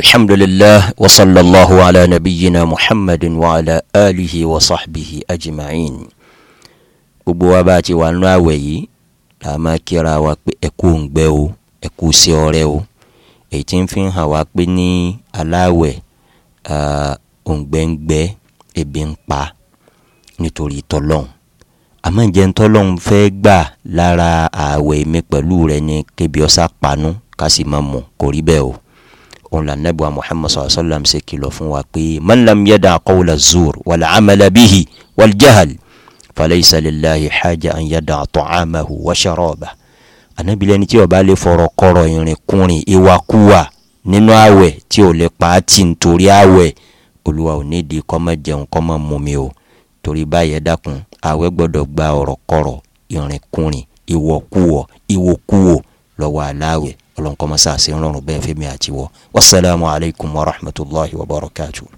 الحمد لله وصلى الله على نبينا محمد وعلى آله وصحبه أجمعين gbogbo wa bá a ti wà nínú àwẹ̀ yìí la máa kíra wa pé ẹ kú ń gbẹ o ẹ kú sí ọrẹ o èyí tí ń fi hàn wá pé ní aláwẹ̀ òǹgbẹ́ǹgbẹ́ ebi ń pa nítorí tọ́lọ́hún àmọ́ ìjẹ́ ń tọ́lọ́hún fẹ́ gbà lára ààwẹ̀ mi pẹ̀lú rẹ ni kébi ọ̀sà panú ká sì máa mọ̀ kò bẹ́ẹ̀ o òun là nẹ́bù muhammad sallallahu alayhi wa sallam ṣe kìlọ̀ fún wa pé man lam yada qawla zur wal amala bihi wal jahal falaysa lillahi haja an yada ta'amahu wa sharabahu ànábi lẹni tí ó bá lè fọ̀rọ̀ kọ̀rọ̀ ìrìnkúrìn ìwàkuwà nínú àwẹ̀ tí ò lè pa á tì nítorí àwẹ̀ olúwa ò nídìí kó má jẹun kó má mumi o torí báyẹn dákun àwẹ̀ gbọ́dọ̀ gba ọ̀rọ̀ kọ̀rọ̀ ìrìnkúrìn ìwọ̀kuwọ̀ ìwòkuwò lọ́wọ́ aláwẹ̀ ọlọ́nkọ́ mọ́sá sí ń rọrùn bẹ́ẹ̀ fẹ́mi àtiwọ́ wasalaamualeykum wa rahmatulahi wa barakatuh.